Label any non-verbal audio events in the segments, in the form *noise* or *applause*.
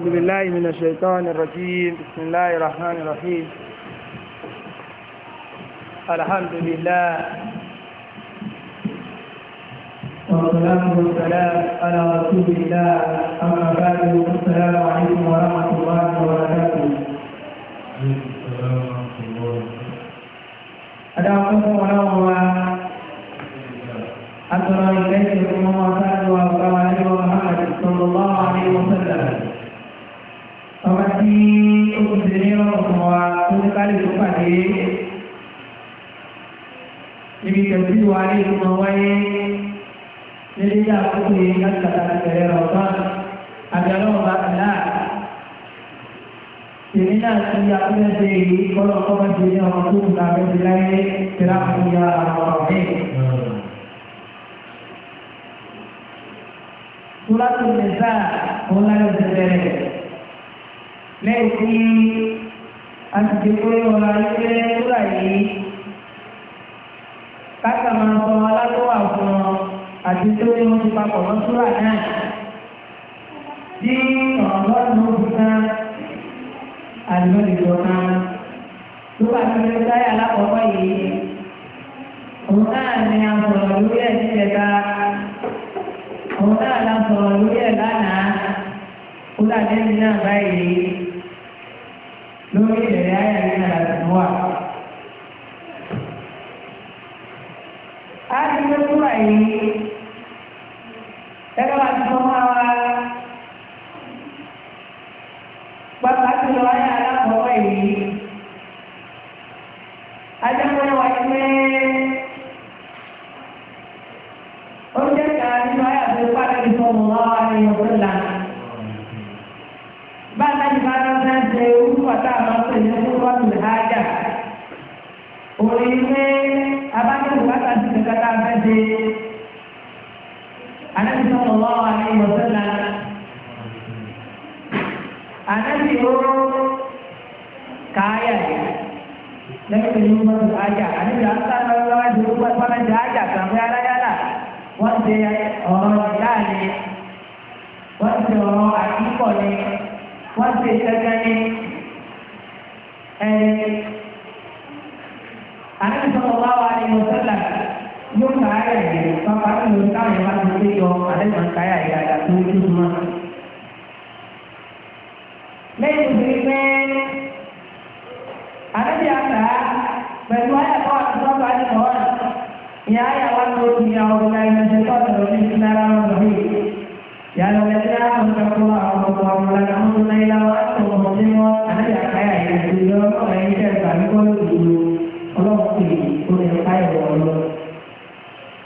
أعوذ بالله من الشيطان الرجيم بسم الله الرحمن الرحيم الحمد لله والصلاة والسلام على رسول الله أما بعد السلام عليكم ورحمة الله وبركاته السلام ورحمة الله أدعوكم ونوم parí ìrúnà wáyé nílé ní àkókò yìí láti pàtàkì bẹ̀rẹ̀ rọ̀bá àbẹ̀rẹ̀ ọ̀bá àlá. Èmi náà ti ya ọlọ́dẹ yìí kọ́lọ̀ kọ́mọ ti ní ọmọ tó kù lábẹ́ ti láyé tẹ̀lá fún ya ọ̀rọ̀ mi. Tura tó lè sá òun láyé ti bẹ̀rẹ̀. Lẹ́yìn tí a ti dé pé ọ̀la ilé tura yìí káàkà máa sọ alátọ́wà fún ọ àti tó ní wọ́n ti papọ̀ wọ́n túrà náà bí ọ̀rọ̀lọ́rùn ó fún náà àlùmọ́lùmọ́ náà tó bá ti lè sáyà alákọ̀ọ́kọ́ yìí òun náà ni a sọ̀rọ̀ lórí ẹ̀ níjẹta òun náà la lórí ẹ̀ lánàá ó dàbí ẹni náà báyìí lórí ìrẹ̀lẹ̀ ayẹyẹ náà.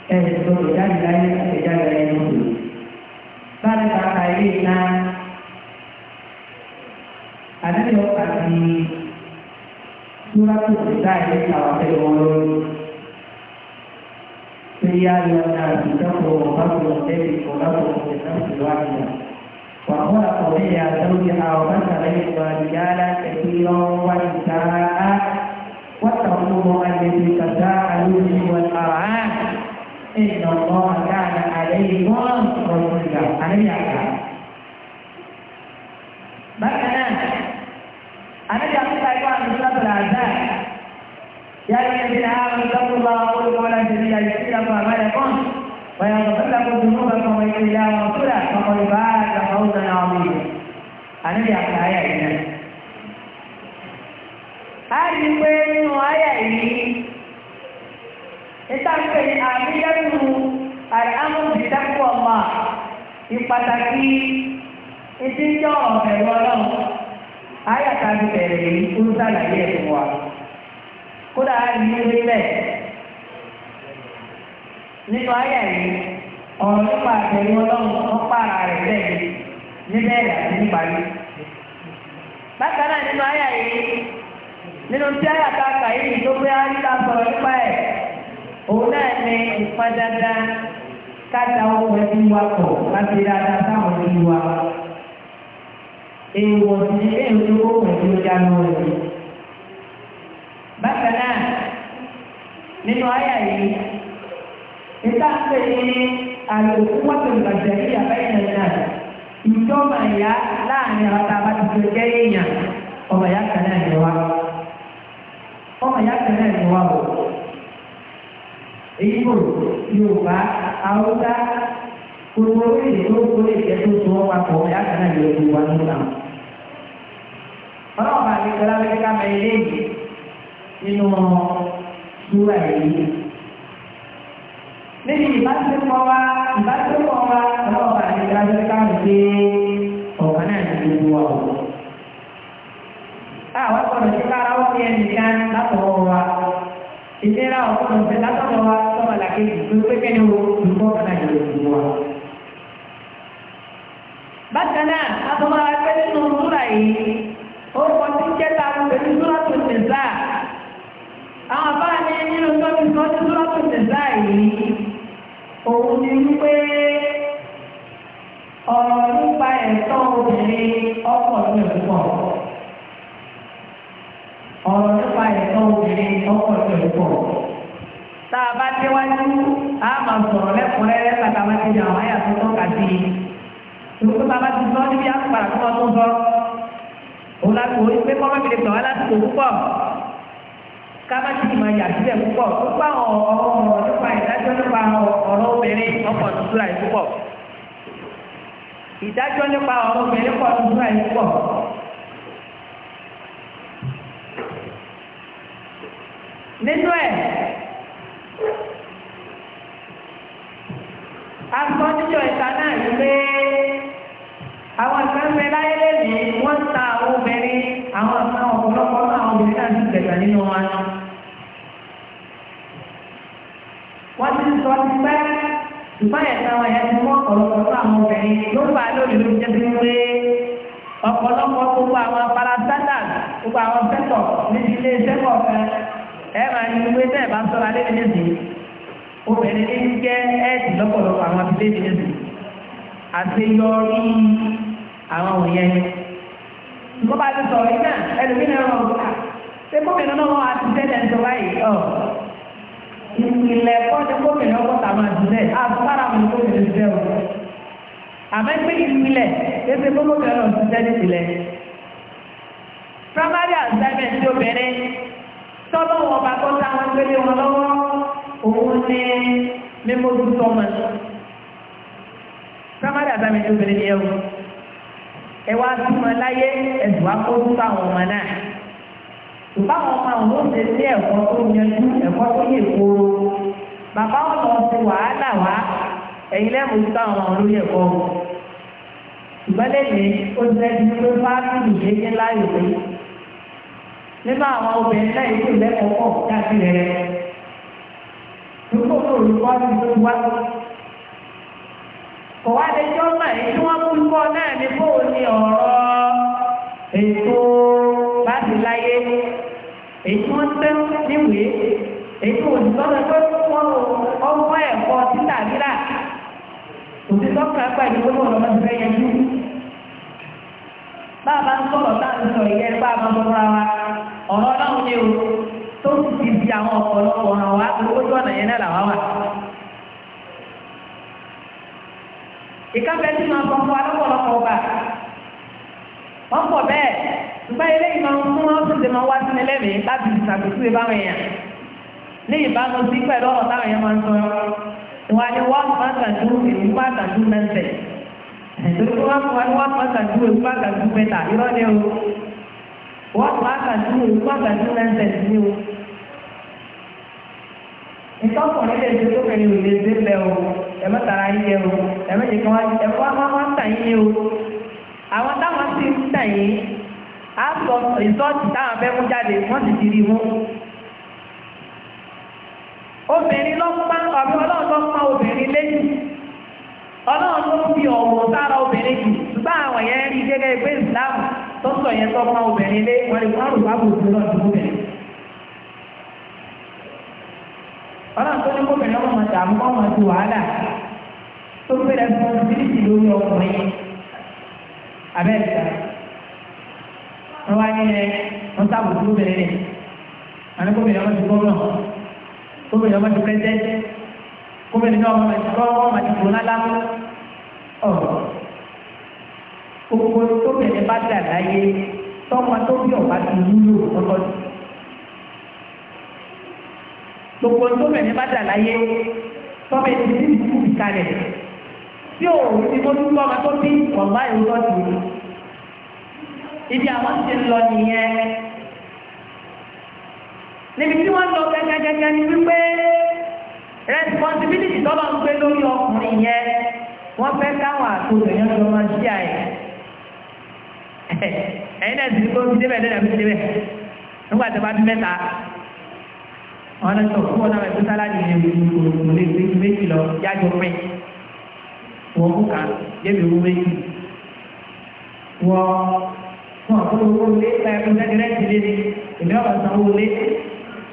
แต่ตัวด้านใดจะได้เรียนรู้ตั้งแต่ไหนนะอันนี้เราอาจจะสุราตุสได้ในสาวเทโรนปริยาโยนาสิจโตรมตุลเตติโกนะโตเตนะสุราวิยาวาโมะโตเตยะตุริยาวันตะเลวันยาลาเตติโรวันตะวัตตุโมอันเดติตะจาอันุย إن الله كان عليكم رسولا أنا يعلم بكنا أنا جاءت أيها المسلمة الأعزاء يا أيها الذين آمنوا اتقوا الله وقولوا قولا سديدا يغفر لكم أعمالكم ويغفر لكم ذنوبكم ويؤمن الله ورسوله فقد فاز فوزا عظيما أنا جاءت أيها الذين آمنوا ìpàtàkì ìdíjọ́ ọ̀nà ẹ̀rọ ọlọ́run ayàtà ti bẹ̀rẹ̀ èyí tó ń sàlàyé ẹ̀sùn wa kódà àìní ilé bẹ́ẹ̀ nínú ayà yìí ọ̀rọ̀ nípa àtẹ̀rù ọlọ́run wọ́n pààrà rẹ̀ bẹ́ẹ̀ níbẹ̀ rẹ̀ àti níparí. bákan náà nínú ayà yìí nínú tí ayàtà yìí tó gbé ayé ká sọ̀rọ̀ nípa ẹ̀ òun náà ní ìpàdádá káta ọkọ̀ ẹni wa pọ̀ láti rí ara sáwọn ẹni wa. Èèwọ̀ sí ní bẹ́ẹ̀ ní owó pẹ̀lú ó dáná rẹ̀. Bákan náà, nínú àyà yìí, níta ń pè ní àlòkù wọ́pẹ̀ ìbàjẹ́ ní àbáyé náà. Ìjọba ìyá láàrin àwọn tá a bá ti fi jẹ́ èèyàn, ọmọ ìyá kan náà ni wá. Ọmọ ìyá kan náà ni wá wò. Ìgbò, Yorùbá, Haúsá, gbogbo orílẹ̀-èdè tó ń kólé ìjẹ́ tó so wọ́n papọ̀ ọ̀yá kan náà yóò fi wá ní ìlànà. Ọlọ́run àti Ìjọba Amẹ́ríkà ká mẹ ilé yìí nínú súrà yìí. Níbi ìbáṣepọ̀ wa, ìbáṣepọ̀ wa, ọlọ́run àti Ìjọba Amẹ́ríkà ń gbé ọ̀kan náà ní gbogbo wa wò. Táà wá gbọ́dọ̀ sí kára ó fi ẹnì kan látọ̀wọ́ wa ìlera ọ̀gbọ́n ṣe látọ̀dọ̀ wa sọ́mà làkejì tó pé kẹ́ni wo nǹkan kan náà yóò fi wá. bákan náà àtọ́mọ́ ẹgbẹ́ nínú súra yìí ó kọ sí jẹ́ta pẹ̀lú súra tó ṣe sá. àwọn báà ní nínú sọ́ọ̀tì sọ́ọ̀tì súra tó ṣe sá yìí òun ni wípé ọ̀rọ̀ nípa ẹ̀tọ́ obìnrin ọkọ̀ ní òkú ọ̀rọ̀ nípa ẹ̀tọ́ obìnrin ọkọ̀ ìṣòro pọ̀. tá a bá déwájú a máa sọ̀rọ̀ lẹ́kùnrẹ́rẹ́ kàtà máa ti yàn wáyà tó tọ́ka sí i. ìlúkú tá a bá ti sọ níbi àpàrà tó tó sọ. òun láti wọlé pé kọ́mọ́ mi lè gbà wá lásìkò púpọ̀. ká má ti máa yà sílẹ̀ púpọ̀ tó ọ̀rọ̀ nípa ìdájọ́ nípa ọ̀rọ̀ obìnrin ọkọ̀ ìṣúra nínú ẹ̀ agbọ́n ìta náà rí pé àwọn ìfẹ́fẹ́ láyé lèmi wọ́n ta àwọn obìnrin àwọn ọ̀sán ọ̀pọ̀lọpọ̀ àwọn obìnrin náà ti gbẹ̀gbà nínú wọ́n ti sọ ti ọ̀pọ̀lọpọ̀ àwọn obìnrin ló fà lórí ló jẹ́ ọ̀pọ̀lọpọ̀ gbogbo àwọn gbogbo àwọn níbi ilé ẹ máa ní gbogbo ẹgbẹ́ ìbá ń sọ́ra lé nínú obìnrin ní ń jẹ́ ẹ́ẹ̀dì lọ́pọ̀lọpọ̀ àwọn abilé nínú àṣeyọrí àwọn òyìn nǹkan bá ti sọ̀rọ̀ yìí náà ẹlòmínà ọ̀rọ̀ ọ̀gá ṣé gómìnà náà wọ́n á ti tẹ́lẹ̀ ń sọ báyìí ọ̀ ìpìlẹ̀ ẹ̀kọ́ ni gómìnà ọgọ́ta máa dùn lẹ̀ àbúkárà mi gómìnà ti bẹ́ẹ̀ o àmọ́ ẹgbẹ́ ìpìlẹ̀ ẹsẹ̀ gómìnà náà ti tẹ́lẹ̀ ìpìlẹ̀ primary assignment ti obìnrin tọ́lọ́ wọn bá tọ́ ta wọn gbélé wọn lọ́wọ́ òun ní mímójú tọ́mọ. sámárì àtàmì tó bẹ̀rẹ̀ ní ẹ̀wọ̀n ẹ wá súnmọ́ láyé ẹ̀dùn akóso àwọn ọmọ náà báwọn ọmọ àwọn ló ṣe sí ẹ̀kọ́ tó yanjú ẹ̀kọ́ tó yè kóró bàbá ọ̀nà ọ̀sẹ̀ wàhálà wá ẹ̀yin lẹ́mú sí àwọn ọmọ lórí ẹ̀kọ́ ìgbàlẹ́ mi ó jẹ́ ìdílé fáfíì ìgbéyé láyò pé nígbà àwọn obìnrin náà yìí kò pọ̀ káàkiri rẹ̀ dúpọ̀ olùkọ́ ti tó wá. kò wá lè jọ́ mà èyí tí wọ́n kú kọ́ náà ní bóun ni ọ̀rọ̀ ètò láti láyé èyí wọ́n tẹ́ níwèé èyí tí òṣìṣẹ́ tó wọ́n ọgbọ́n ẹ̀kọ́ títà rírà òṣìṣẹ́ kan pẹ̀lú gbogbo ọ̀rọ̀ ọ̀sẹ̀ yẹn jù. bá a bá ń sọ̀rọ̀ táà ń sọ ìyẹn bá a bá ń sọ̀rọ̀ ara ọ̀rọ̀ ọlọ́run ni o tó ti fi àwọn ọ̀pọ̀lọpọ̀ wá ọ̀nà yẹn náà wà. tí máa alọ́pọ̀lọpọ̀ ọba wọ́n pọ̀ bẹ́ẹ̀ wọn tún lè máa wá láti ìṣàkóso ní ìbámu sí pẹ̀lú ọ̀rọ̀ táwọn èèyàn máa ń sọ wọn ni wọ́n máa tàjú tàjú wọn máa tàjú tàjú mẹ́ta wọ́n pa àkàtú ní ìlú ní o. ìtọ́kùnrin lè ṣe tókùnrin ò lè ṣe lẹ o ẹ̀mẹ́tara yín yẹ o ẹ̀mẹ́jì kan ẹ̀fọ́ àwọn ń tà yín yẹ o. àwọn táwọn sì ń tà yín á sọ táwọn fẹ́ mú jáde wọ́n sì ti rí mú. obìnrin ọlọ́run tó pa obìnrin lẹ́yìn ọlọ́run tó fi ọ̀wọ̀ sára obìnrin tọ́sọ̀ yẹn tọ́ fún obìnrin lé wọ́n lè wọ́n rùbá bò sí lọ́dún obìnrin. ọlọ́run tó ní kóbìnrin ọmọ tààmú ọmọ ti wàhálà tó fẹ́rẹ̀ fún bíríkì lórí ọkùnrin abẹ́ẹ̀ta wọ́n wá ní ẹ wọ́n sábò sí obìnrin rẹ̀ àní kóbìnrin ọmọ ti gbọ́nà kóbìnrin ọmọ ti pẹ́ẹ́tẹ́ kóbìnrin náà ọmọ ti kọ́ ọmọ ti kò gbogbo tó bẹ̀rẹ̀ bá dà láyé tọ́mọ tó bí ọ̀bá ti wúlò lọ́kọ́ sí. gbogbo tó bẹ̀rẹ̀ bá dà láyé tọ́mọ ẹni tí ìlú kù kalẹ̀ tí ò ti mọ́ tó tọ́mọ tó bí ọ̀bá ìlú lọ́sí. ibi àwọn ti lọ nìyẹn níbi tí wọ́n lọ gẹ́gẹ́gẹ́gẹ́ ni wípé responsibility tọ́lọ́ ń gbé lórí ọkùnrin yẹn wọ́n fẹ́ káwọn àtòkè yẹn lọ́mọ sí àyè. *laughs* ẹ̀yin náà sì ní kó fi débẹ̀ lẹ́yìn àbí débẹ̀ nígbà tó bá fi mẹ́ta wọn lọ sọ fún ọ̀nà ẹ̀kú sáládì ní ewu lè fi méjì lọ yájọ pín wọ́n kú kan débi ewu méjì wọ́n fún àkókò owó lé ẹ̀kú sẹ́ni rẹ̀ ti lé ní ìlú ọ̀rọ̀ san owó lé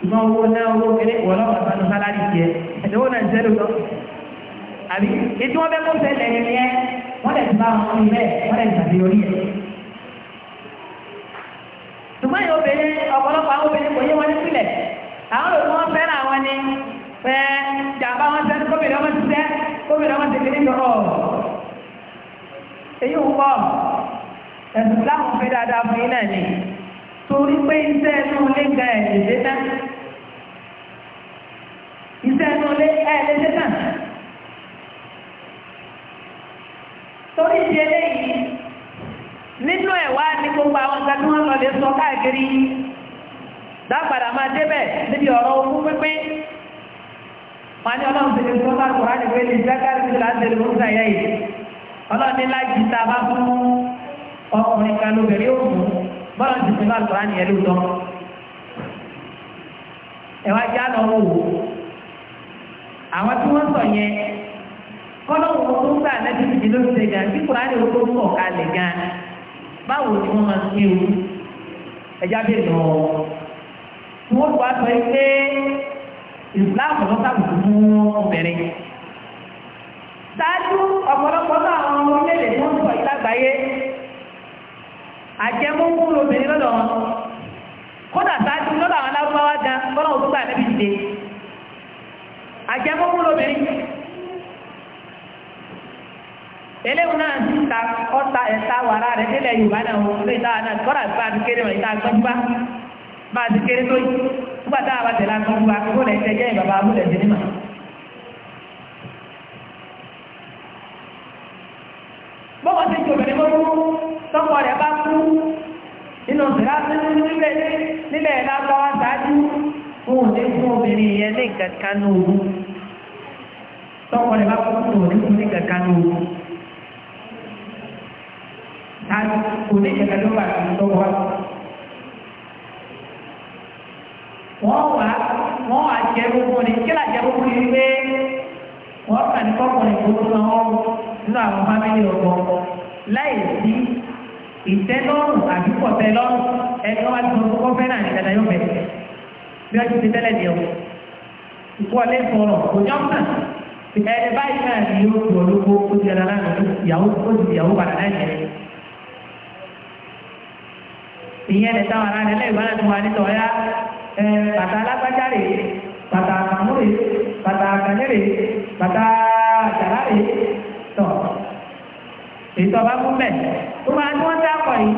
ṣùgbọ́n owó náà owó kéré wọ́n lọ́wọ́ sanu sáládì tiẹ̀ ẹ̀dẹ́wọ́ náà ń sẹ́lẹ̀ lọ àbí ètò wọn bẹ́ẹ̀ kó sẹ́lẹ̀ yẹn wọ́n lẹ̀ ti bá wọn ní bẹ́ẹ̀ wọ́n lẹ̀ ti ṣùgbọ́n yóò bèrè ọ̀pọ̀lọpọ̀ àwọn obìnrin kò yé wọn nípìnlẹ̀ àwọn olùkọ́ wọn fẹ́ràn àwọn ni ẹ jàmbá wọn sẹ́ni kóbìnrin ọmọ ti sẹ́ kóbìnrin ọmọ ti kiri lọ́rọ̀ èyí ń wọ ẹ̀sùn láwọn fẹ́ dáadáa fún yín náà ni torí pé iṣẹ́ inú ilé ga ẹ̀yìn dé náà iṣẹ́ inú ilé ẹ̀yìn dé náà torí ìdí eléyìí. nínú ẹ̀ wá ní gbogbo àwọn nǹkan tí wọ́n lọ lè sọ káàkiri dápadà máa débẹ̀ níbi ọ̀rọ̀ ogún pínpín wọn ní ọlọ́run ti lè sọ bá ti láti lè lóúnjẹ ayé yìí ọlọ́run ní láti ta bá fún ọkùnrin kan lóbìnrin bọ́lá ti lóòótọ́ já lọ wò àwọn tí wọ́n sọ báwo ni wọ́n máa ń pín ewu ẹja bẹ́ẹ̀ nà ọ́ tí wọ́n wá sọ pé ìsìláàmù lọ́sà kùkù fún obìnrin ṣáájú ọ̀pọ̀lọpọ̀ náà àwọn ọmọ orílẹ̀-èdè tí wọ́n ń sọ ìlágbàáyé àjẹmọ́kú lóbìnrin lọ́dọ̀ wọn kódà ṣáájú lọ́dọ̀ àwọn aláwọ̀ wá gan kọ́nà òkúta níbi ìdè àjẹmọ́kú lóbìnrin eléwu náà ti ta ọta ẹ̀ta wàrà rẹ̀ nílẹ̀ yorùbá náà wọ́n lè ta náà kọ́ra bá ti kéré wọn ìta gbọ́ngbá bá ti kéré nígbà tá a bá tẹ̀lé agbọ́ngbá kó lè jẹ́ ìbàbá abúlé dé nímà. bọ́kọ̀ ti jò bẹ̀rẹ̀ mọ́rú tọ́kọ rẹ̀ bá kú nínú ìlà nílẹ̀ nílẹ̀ sáájú fún òní fún obìnrin yẹn ní rẹ̀ bá kú òní fún a ni kí là jẹ́ gbogbo ni wípé wọ́n kà ní kọ́kùnrin gbogbo náà wọ́n nínú àwọn fámìlì ọ̀gbọ́n láì sí ìtẹ́lọ́rùn àbí kọ̀tẹ́lọ́rùn ẹni wọ́n wá ti sọ fún kọ́fẹ́ náà nìkan náà yóò bẹ̀rẹ̀ bí wọ́n ti ti tẹ́lẹ̀ ní ọ̀hún. Ìkọ́lé sọ̀rọ̀ kò jọ́ mọ̀. Ẹni báyìí náà ìyẹn lè táwọn ará rẹ̀ lẹ́yìn bára tó wà nítọ̀ ya bàtà alágbájá rè bàtà àkàmú rè bàtà àkàndé rè bàtà àjàlá rè tọ̀ ètò ọba fún bẹ́ẹ̀ tó máa ní wọ́n dá pọ̀ yìí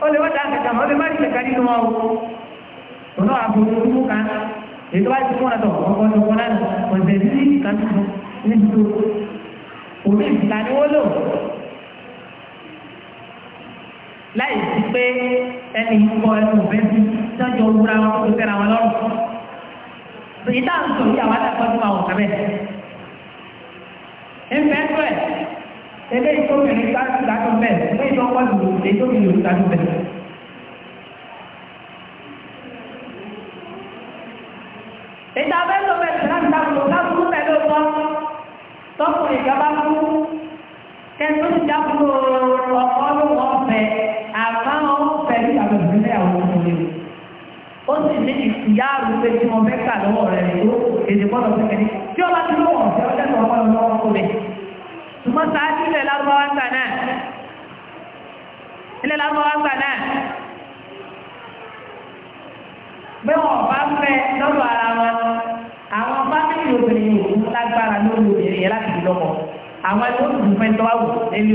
ó lè wọ́n dá kẹta ó lè má rí kẹta nínú wọn o òun náà kan ètò wájú fún ọ̀tọ̀ ọkọ̀ ọ̀tọ̀ náà ọ̀sẹ̀ sí kan tó òun ìfìlà ni wọ́n láì sí pé ẹni kọ ẹnu òfẹ́ sí sọ́jọ́ wúra wọn tó fẹ́ra wọn lọ́rùn èyí tá à ń sọ yìí àwọn àdàkọ́ tó máa wọ̀ kábẹ́ ẹnfẹ́ tó ẹ̀ eléyìí tó bìnrin bá ti dájú bẹ́ẹ̀ eléyìí tó kọ́ lù èyí tó bìnrin fẹ́ lọ bẹ́ẹ̀ láti dájú láti mú tẹ̀lé ọkọ tọkùnrin ìjọba fún kẹ́ńtó ti dájú sì ní ìyá àrùfẹ́ tí wọ́n mẹ́ta lọ́wọ́ rẹ̀ tó èdè bọ́lọ̀ fún ẹni tí ó bá ti lọ́wọ́ ọ̀sẹ̀ ọjọ́ tó wọ́n lọ́wọ́ tó lẹ̀. ṣùgbọ́n sáájú ilẹ̀ lárúbáwá gbà náà ilẹ̀ lárúbáwá gbà náà bí wọ́n bá fẹ́ lọ́dọ̀ ara wọn àwọn bá ní obìnrin òkú lágbára lórí obìnrin yẹn láti lọ́kọ̀ àwọn ẹni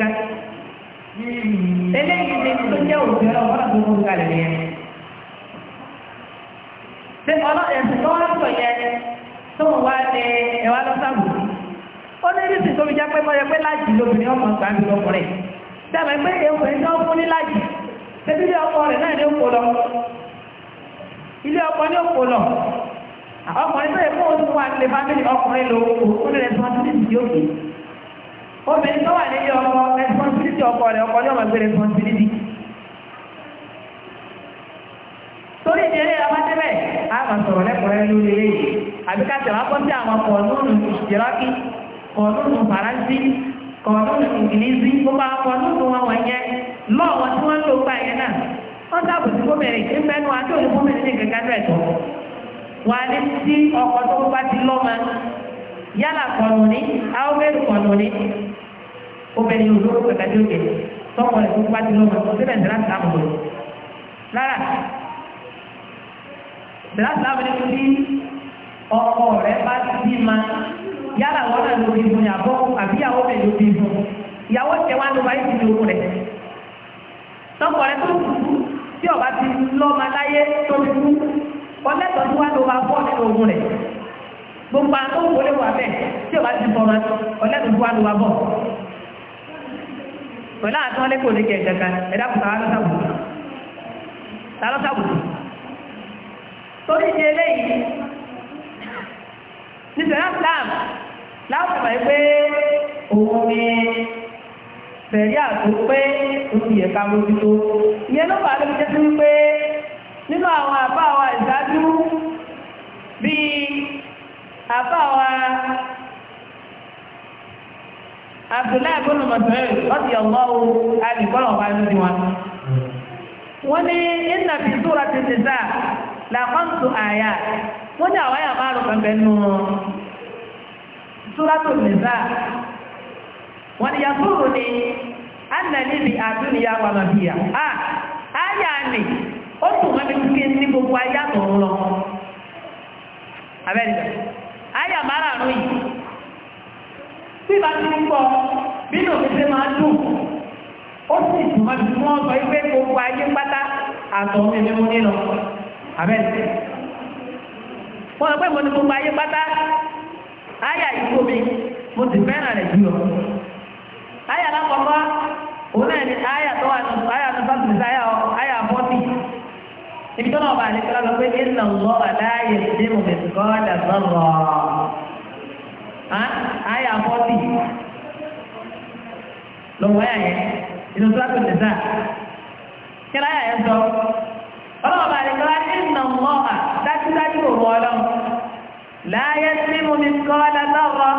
gẹ́gẹ́ eléyìí ni tó jẹ́ òjò ẹ̀rọ wọ́n tó mú kalẹ̀ ní ẹni ṣe ọlọ́ ẹ̀sùn tó wá sọ yẹn tó mú wá ní ẹ̀wà lọ́sàbù ó ní ìrísí tó fi jápẹ́ mọ́ ẹgbẹ́ láàjì lóbìnrin ọmọ ọ̀sán àbí lọ́kùnrin dábàá pé ewu ẹ̀jọ́ fún ní láàjì tẹ́bí ilé ọkọ rẹ̀ náà ní òkò lọ ilé ọkùnrin tó yẹ kó o tún ọkùnrin lò ó kúrò rẹ̀ tó wá sí obìnrin tó wà nílé ọkọ responsibility ọkọ rẹ̀ ọkọ yóò máa gbé responsibility torí ní eré dị. a máa sọ̀rọ̀ lẹ́kọ̀ọ́rẹ́ lórí eré yìí àbí ká tẹ̀wá kọ́ sí àwọn kọ̀ọ̀nùnù ìṣìrọ́kì kọ̀ọ̀nùnù faransé kọ̀ọ̀nùnù ìngilísì gbogbo àwọn kọ̀ọ̀nùnù wọn wọ̀nyẹn lọ́ọ̀wọ́ tí wọ́n lò gbà yẹn náà wọ́n sábò yálà kọ̀nùní àwọn mẹ́rù kọ̀nùní obìnrin olóró kẹ̀kẹ́ tí ó kẹ̀ tọ́kọ̀ rẹ̀ tó pàtí lọ́wọ́ tó sílẹ̀ ìdílásí àmọ̀ rẹ̀ lára ìdílásí àmọ̀ rẹ̀ tí ọkọ rẹ̀ bá bí ma yálà wọn náà lórí ìbùn yàbọ̀ àbí ìyàwó rẹ̀ lórí ìbùn ìyàwó tẹ wá ló wáyé ti lóko rẹ̀ tọ́kọ̀ rẹ̀ tó kù tí ọba ti lọ́ọ́ ma láyé tó ti kú ọlẹ́tọ̀ọ́ tó wá ló ma bọ́ọ̀ gbogbo àwọn tó wọlé wà bẹ́ẹ̀ tí o bá ti bọ̀ wọn ọlẹ́dùn fún àlùwà bọ̀ pẹ̀lú àti wọn lẹ́kọ̀ọ́ lè kẹ̀kẹ́ kan ẹ̀dá kùtà wà lọ́sàbùtù ta lọ́sàbùtù torí ti eléyìí nítorí Islam láwùjọ máa ń pé òun ni bẹ̀rí àtò pé oṣù yẹ ká mójútó ìyẹn ló bàá lóbi jẹ́ sí wípé nínú àwọn àbá àwọn ìdájú bíi àbáwa abdullahi abúlé mọ̀tòrè ọ̀sì ọ̀gbọ́wò àdìgbọ́n ọ̀bá lójú wọn. wọ́n ní iná fi súra ti ti sá làkọ́ǹtù àyà wọ́n ní àwọn àyà márùn pẹ̀pẹ̀ nù súra tó ti sá. wọ́n ní yàtúrò ní ànàlí ní àdúnyà wà a àyà ni ó tún wọn bí kí ní gbogbo ayé àtọ̀run lọ. abẹ́rẹ́ àyà márààrún yìí tí ìbá ti ń pọ̀ bínú òfìsẹ́ máa dùn ó sì túnmọ̀ tí wọ́n sọ gbogbo ayé pátá àtọ̀ mímí mú nínú abẹ́rẹ́ wọ́n sọ pé ní gbogbo ayé pátá àyà ìgbó mi mo sì fẹ́ràn rẹ̀ jù lọ àyà lákọ̀ọ́kọ́ òun náà ni àyà tó wà nù àyà nù sáyà ibi tó náà bá lè kọ́lá lọ pé iná lọ́ aláyè ní mùsùlùmí ọ̀dà lọ́rọ̀ àyà fọ́tì lọ́wọ́ àyà yẹn inú tó láti lè dá kíra àyà yẹn sọ ọlọ́wọ́ bá lè kọ́lá iná lọ́ à dájúdájú òun ọlọ́run láyé ní mùsùlùmí ọ̀dà lọ́rọ̀.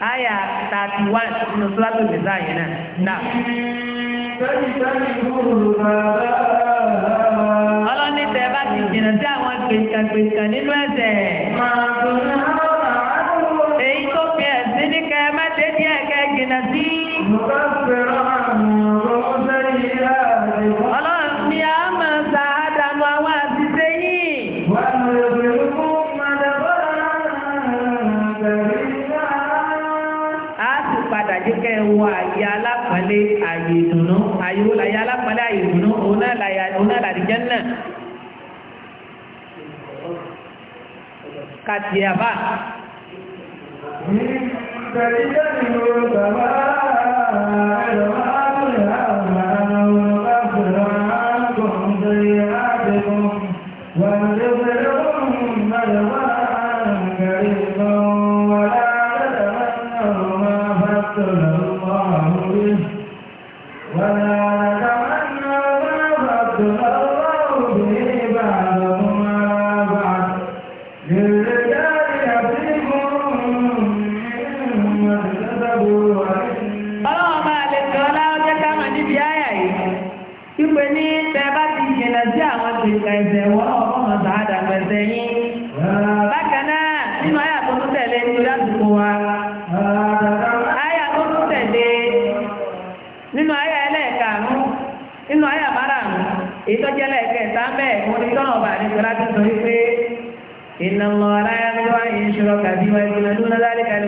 Aya tàbí wá nínú sọ́látò nìsá yẹn náà. Nà. Ọlọ́ni tẹ bá ti jìnnà sí àwọn gbèǹkàgbèǹkà nínú ẹ̀sẹ̀. Èyí tó fi ẹ̀sìn ní kẹ́ ẹ má dé díẹ̀ kẹ́ jìnnà sí. àdékẹ́ wọ àyè alápàlẹ́ àyè ìdùnnú àyè wọ́n láyé alápàlẹ́ àyè ìdùnnú òun náà láyé Jánnà kàtì àbá. Ìgbẹ̀rẹ̀ ìjẹ́ ìlú bàbá ẹ̀rọ sọ wípé iná lọ́ra ẹgbẹ́ ìṣòro kàbí wa ìgbìmọ̀ lónà láríkà ni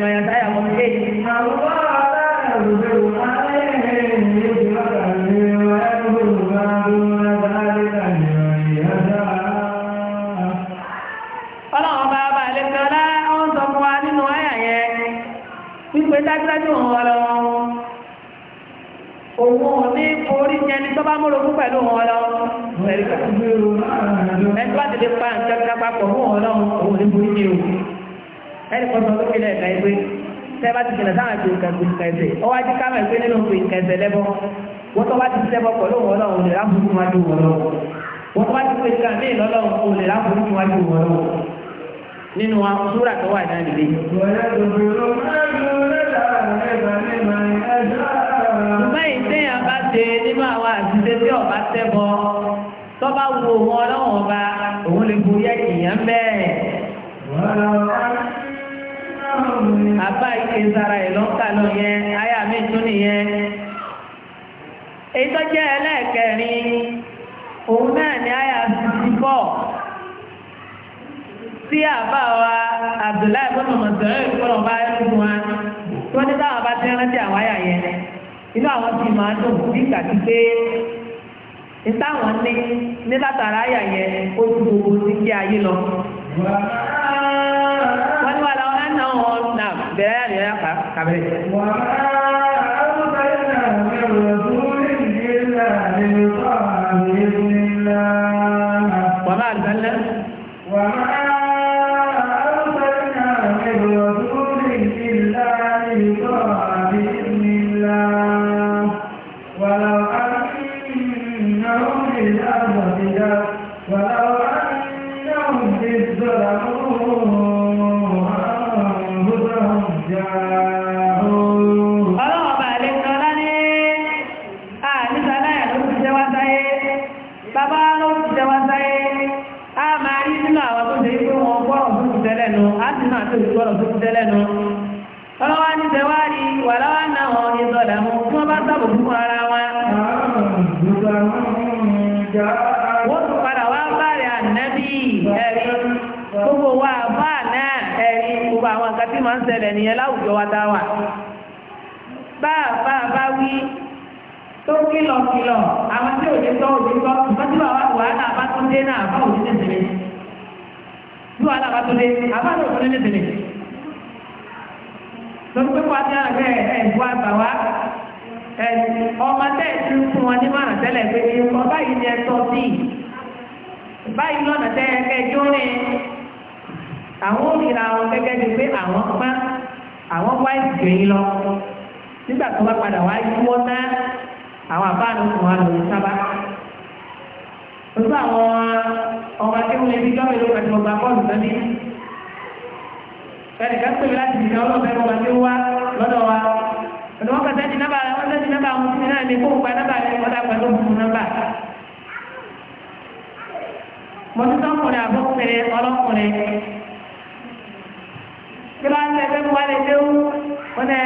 ẹni tó bá múlò fún pẹ̀lú wọn lọ ẹni bá tètè pa nǹkan kan papọ̀ fún wọn lọ́wọ́ òun ní borí ní o ẹni kan sọ lókè lẹ́ẹ̀ka ẹgbẹ́ tẹ́ bá ti jìnà sáwọn ìgbè ìkàgbè ìkàgbè ó wá jí kámẹ́ ìgbé nínú ìgbè ìkàgbè lẹ́bọ́ wọ́n tó bá ti sẹ́bọ pẹ̀lú wọn lọ́wọ́ òun lè rábùkù wọn lù wọn lọ́wọ́ wọ́n tó bá ti pè ká ní nínú wa súrà tó wà náà nìyí. Bùbá yìí ṣe nínú àwọn àṣìṣe tí ọba tẹ́bọ tọ́ba wo òun ọlọ́run ọba òun lè borí èèyàn bẹ́ẹ̀. àbá ike sara ẹ̀ lọ́ka lọ yẹn aya mi tún nìyẹn. èyí tó jẹ́ ẹlẹ́ẹ̀kẹrin òun náà ni aya tí àbá wa Abdullahi bọ́lá mọ̀tẹ́rẹ́ ìfọ̀rọ̀ bá fún wa tí wọ́n bá inú àwọn ti máa dùn bí ìgbàdí pé ìtàwọn ní ní látara àyà yẹn ó ju gbogbo sí kí ayé lọ. wọ́n ní wà láwọn náà náà wọ́n nà bẹ̀rẹ̀ àyà yẹn kà kàbẹ̀rẹ̀. وما أرسلنا وما أرسلنا من رسول الأمر بنا ولا ṣẹlẹ̀ nìyẹn láwùjọ wa dáwà báàbá bá wí tó kìlọ̀ kìlọ̀ àwọn tí òní tọ́ òní tọ́ wọ́n ti wà wàhálà bá tún dé náà àbá òní tẹ̀sílẹ̀ bí wàhálà bá tún dé àbá òní tẹ̀sílẹ̀ lórí pípa ní àgbẹ̀ ẹ̀gbọ́ àgbà wa ọmọ tẹ́ẹ̀sì ń fún wọn ní márùn tẹ́lẹ̀ pé ọmọ báyìí ni ẹ̀tọ́ sí báyìí lọ́nà tẹ́ẹ̀kẹ́ jórin àwọn òmìnira wọn gẹ́gẹ́ bí pé àwọn pán ẹ̀sìn yín lọ nígbà tó bá padà wá yí wọ́n ná àwọn àbáàdùn fún wa lòún sábà. Gbogbo àwọn ọmọ akéwìn ẹbí jọ́wọ́ ìlú pẹ̀lú ọgbà bọ́ọ̀lù lọ́dí. Fẹ́ẹ̀ni ká pèmí láti ìdíje ọlọ́ọ̀fẹ́ ọmọ akéwìn wá lọ́dọ̀ wa. Ọ̀dọ̀ wọn kọ̀ọ̀tẹ́ di nọ́mbà rẹ̀ wọ́n tẹ́tí nọ́mbà àwọn ọmọ náà ní kó gba nọ́mbà rẹ̀ wọ́n dàgbà ló fún nọ́mbà. Mo tún àbọ̀kùnrin ọlọ́kùnrin. Kí ló ń wọ́n lẹ́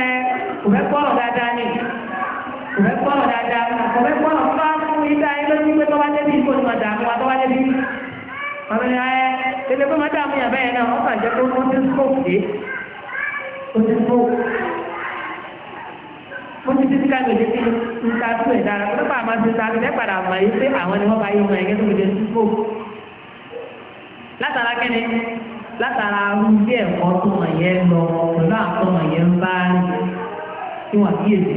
kò fẹ́ gbọ́rọ̀ dáadáa ni kò fẹ́ gbọ́rọ̀ dáadáa kò fẹ́ gbọ́rọ̀ fún àwọn ìdá ẹ lójú pé tọ́wá débi kò ní ọjà àmúwa tọ́wá débi. wọ́n lẹ́ ẹ tẹlẹ fún mọ́tà àmúyàn bẹ́ẹ̀ náà wọ́n fàjẹ́ pé ó ti sọ òkè ó ti sọ ó ti ti ká lòdì sí nta tó ẹ̀ dára pé bàbá máa ti ta lóde padà mọ̀ yìí pé àwọn ni wọ́n bá yí wọn ẹ̀ látara arúgbó ẹ̀kọ́ tó hàn yẹn lọ pẹ̀lú àtọ́ hàn yẹn ń bá tí wọ́n kí èdè.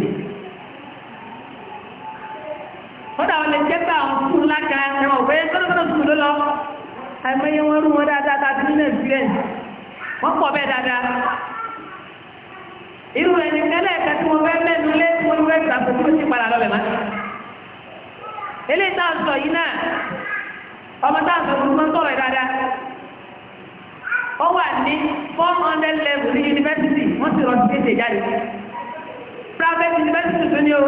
Kọ́dà wọn lè jẹ́ pé àwọn sùkúrù lága ẹ̀rọ òwe kọ́dọ̀kọ́dọ̀ sùkúrù ló lọ. Àìmọye wọn rú wọn dáadáa láti nínú ìbílẹ̀. Wọ́n pọ̀ bẹ́ẹ̀ dáadáa. Irú ẹni kẹ́lẹ́ ẹ̀ka tí wọ́n fẹ́ mẹ́nu lé tí wọ́n fẹ́ ṣàkóso tí ó ti padà lọ́lẹ̀ máa. Eléyìí táà sọ yìí náà, ọmọ táà sọ fún mọ́tọ́rọ̀ dáadáa ó wà ní four hundred level university. yunifásitì wọ́n ti rọ̀tí kéde jáde private university tó ní o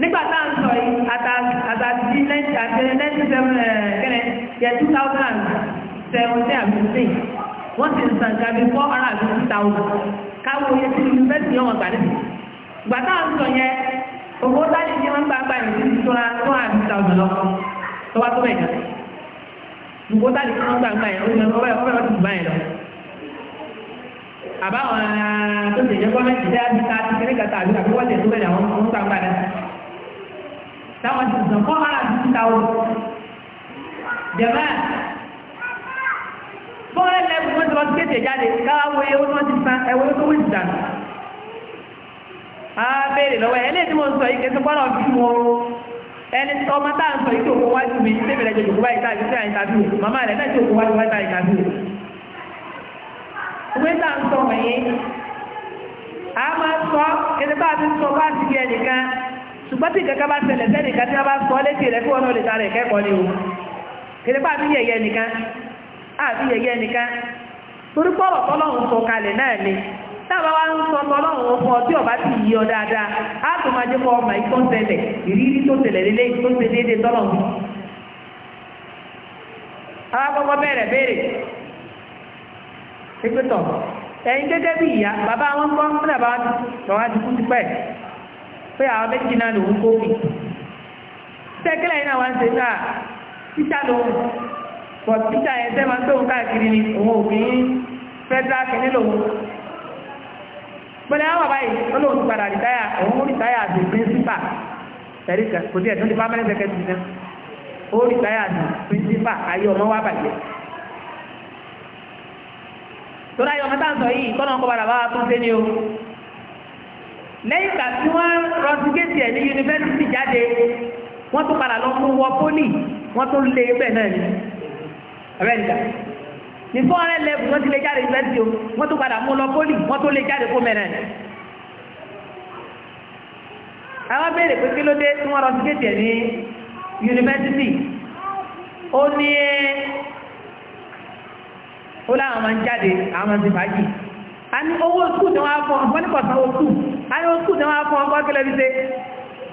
nígbà tá à ń sọ yìí àtàtì ninety seven eh, kẹ́rẹ́ yẹ two thousand and seventeen and fifteen wọ́n ti sàn kàbí four hundred and fifty thousand káwọ́ yẹ ti yunifásitì yọ̀ wọ́n gbà níbi ìgbà tá à ń sọ yẹn owó táyé tí wọ́n gbà gbà yìí tó ra two hundred and fifty thousand lọ tó wá tó bẹ̀ yẹn gbogbo tá a lè fún gbàgbà yẹn ọ̀rẹ́ ọ̀rẹ́ ọ̀rẹ́ ọ̀rẹ́ ti gbà yẹn lọ. àbáwọn tó ti jẹ́ gọ́ọ̀mẹ̀ntì tẹ́ àbí ká ti kéré kàtà àbí àbí wọ́n lè tó bẹ̀rẹ̀ àwọn ọmọ gbàgbà náà. táwọn ti sàn kọ́ ara ti ta o. jẹ̀mẹ́ fọ́ọ̀rẹ́ lẹ́gbẹ̀ẹ́ wọ́n ti wọ́n ti kéde jáde káwọ́ ewu wọ́n ti san ẹ̀wọ́ tó wí dànù. a béèrè lọ́wọ́ ẹ̀ ẹni ọmọ tá ń sọ yìí tó kó wájú mi tẹ́bẹ̀rẹ̀ jẹ́ jòkó báyìí táàbí sí àìtàbí màmá rẹ̀ náà tó kó wájú báyìí táàbí tàbí ìwé tá ń sọ a máa sọ bá ti sọ bá ti di ẹnìkan ṣùgbọ́n tí kankan bá tí a bá sọ létí rẹ̀ kí wọ́n lè ta rẹ̀ kẹ́kọ̀ọ́ ni o bá ti yẹ̀yẹ́ yẹ̀yẹ́ tábà wá ń sọ ọmọ ọlọ́run ọ̀fọ̀ tí ọba ti yí ọ dáadáa á tó máa jẹ́ kọ́ ọmọ ìtọ́ tẹ̀lẹ̀ ìrírí tó tẹ̀lẹ̀ lélẹ́ tó ṣe déédéé tọ́lọ̀ mi. àwọn bẹ̀rẹ̀ béèrè tọ̀ ẹ̀yin gẹ́gẹ́ bí ìyá bàbá wọn kọ́ fúnà bá lọ́wọ́ ti kú ti pẹ́ pé àwọn méjì náà kó mi. sẹ́kẹ́lẹ̀ yìí náà wá ń ṣe náà títà lòun títà pẹ̀lẹ́ àwọn bàbá yìí wọ́n lóun ti padà rìtáyà òun ó rìtáyà àti píńsípà ẹ̀rí kan kò sí ẹ̀tún ti pámẹ́lẹ́ sẹ́kẹ́tì náà ó rìtáyà àti píńsípà ayé ọmọ wa bàjẹ́ torí ayé ọmọ táǹsọ̀ yìí kọ́nà ọkọ̀ padà bá wa tún sé ní o lẹ́yìn ìgbà tí wọ́n rọtígéètì ẹ̀ ní yunifásitì jáde wọ́n tún padà lọ fún wọ pólì wọ́n tún lé e bẹ́ẹ̀ náà ní abẹ́ẹ̀dá ní fún ọ̀rẹ́ lẹ́bù wọ́n ti lè jáde yunifásitì o wọ́n tó padà mú lọ pólì wọ́n tó lè jáde kó mẹ́rin. àwọn béèrè pé kí ló dé tí wọ́n rọ síkéètì ní yunifásitì ó ní ó láwọn máa ń jáde àwọn máa ń ti fàájì a ní owó skul tí wọ́n á fọ́ wọ́n ní owó skul a ní owó skul tí wọ́n á fọ́ ọkọ̀ kílẹ̀ fi ṣe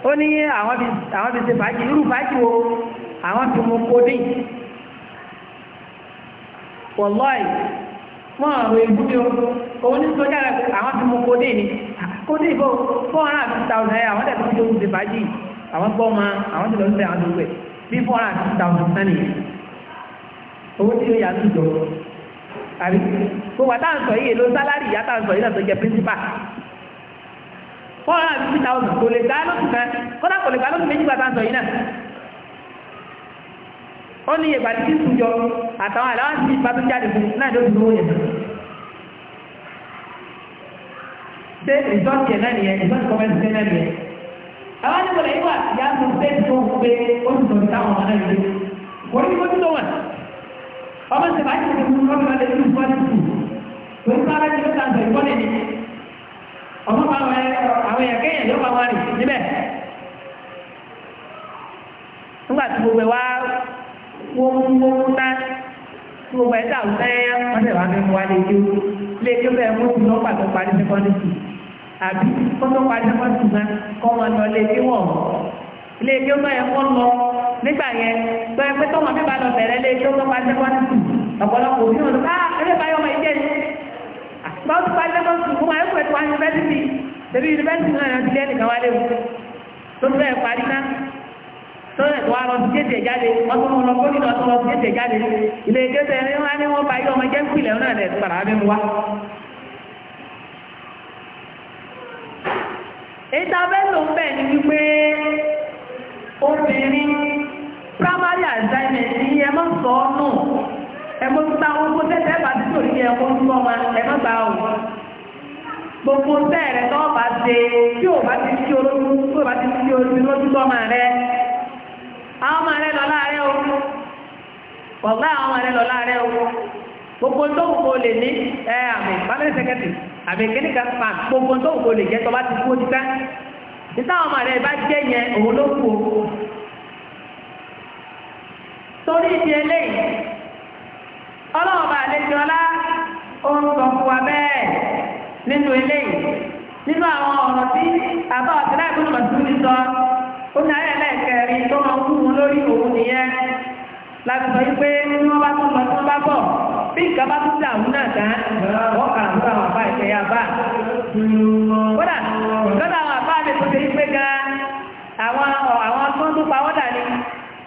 ó ní àwọn fi ṣe fàájì irú fàájì wo àwọn fi mú kó dín wọ̀lọ́ì wọ́n àwọn ìbú ní sọ́jà rẹ̀ pé àwọn ti mú kódé ni kódé ah, ìbò four hundred and àwọn tẹ̀sí tó ń ṣe fàájì àwọn gbọ́ ma àwọn tẹ̀sí tó ń ṣe àwọn tó ń pẹ̀ bí four hundred and fifty thousand sani owó tí ó yà sí jọ àbí gbogbo àtàǹsọ̀ yìí èlò sálárì ìyá àtàǹsọ̀ yìí náà tó jẹ píríncípà four kò lè gbá lóṣù kan kódà kò lè gbá lóṣù méjì ó ní ìgbà tí kù jọ àtàwọn àláwọ̀ sí ìgbà tó jáde fún náà ló dúró yẹn ṣe ìjọ́sì ẹ̀ náà nìyẹn ìjọ́sì kọ́mẹ́ntì náà nìyẹn àwọn àdìgbò lè wà yá tó ṣe tó ń gbé ó ti tọ̀sí táwọn ọmọ náà lè kò ní kó tó wọn ọmọ ṣe máa ń ṣe fún ọmọ náà lè tún fún ọdún kù tó ń sára ní ó tàǹtà ìkọ́ lè ní ọmọ máa wẹ àwọn èèyàn kéèyàn ló máa wà wọ́wọ́wọ́wọ́ ná tí gbogbo ẹ̀ta ọ̀sẹ́yẹ́ wọ́n tẹ̀wá ní wà lè jó lè jó bẹ́ẹ̀ mú ti lọ́pàá tó parí sẹ́kọ́ndì sí àbí kó tó parí sẹ́kọ́ndì sí náà kọ́ wọn lọ lè jó wọ̀n lè jó bẹ́ẹ̀ kọ́ lọ nígbà yẹn tó ẹ pé tó wọn bíbá lọ bẹ̀rẹ̀ lè jó tó parí sẹ́kọ́ndì sí ọ̀pọ̀lọpọ̀ òbí wọn lọ bá ẹgbẹ́ báyọ̀ ọmọ ìjẹ́ báwo tó parí sí fún wa lọ́nà tó wá lọ sí kéde jáde wọ́n tún lọ gómìnà tó lọ sí kéde jáde ilé kéde ẹni wọn ni wọ́n bá yí ọmọ jẹ́ pìlẹ̀ náà lẹ̀ padà nínú wa. ìta bẹ́ẹ̀ ló ń bẹ̀ ni wípé obìnrin primary assignment ni ẹ mọ̀ sọ ọ́ nù ẹ mọ̀ gba owó tẹ́tẹ́ bá ti tòrí ẹ mọ̀ sọ ma ẹ mọ̀ gba ọ̀ gbogbo sẹ́ẹ̀rẹ̀ tó bá ṣe tí ò bá ti ṣí olójú tó bá ti ṣí olójú lójú tọ́ ma rẹ̀. àwọn ọmọ rẹ lọ láàárẹ̀ o wọ̀gbá àwọn ọmọ rẹ lọ láàárẹ̀ o gbogbo lè ní ẹ àmì family secretary àmì clinical gbogbo tó lè jẹ́ tó bá ti kú títà títà ọmọ rẹ bá jẹ́ yẹn òun ló kú o torí ti eléyìí ọlọ́run bá àlejò ọlá òun sọ fún wa bẹ́ẹ̀ nínú eléyìí nínú àwọn ọ̀rọ̀ tí àbá ọ̀sẹ̀ sọ ẹ̀sìn tó máa kú wọn lórí òun nìyẹn láti sọ wípé tí wọ́n bá tún lọ tí wọ́n bá bọ̀ bí nǹkan bá tún dààmú náà tán wọ́n kà ń bá àwọn àbá ìṣẹ̀yà bá. kódà kódà àwọn àbá mi tó ṣe wípé gan àwọn àwọn tó ń dúpa wọ́n dà ní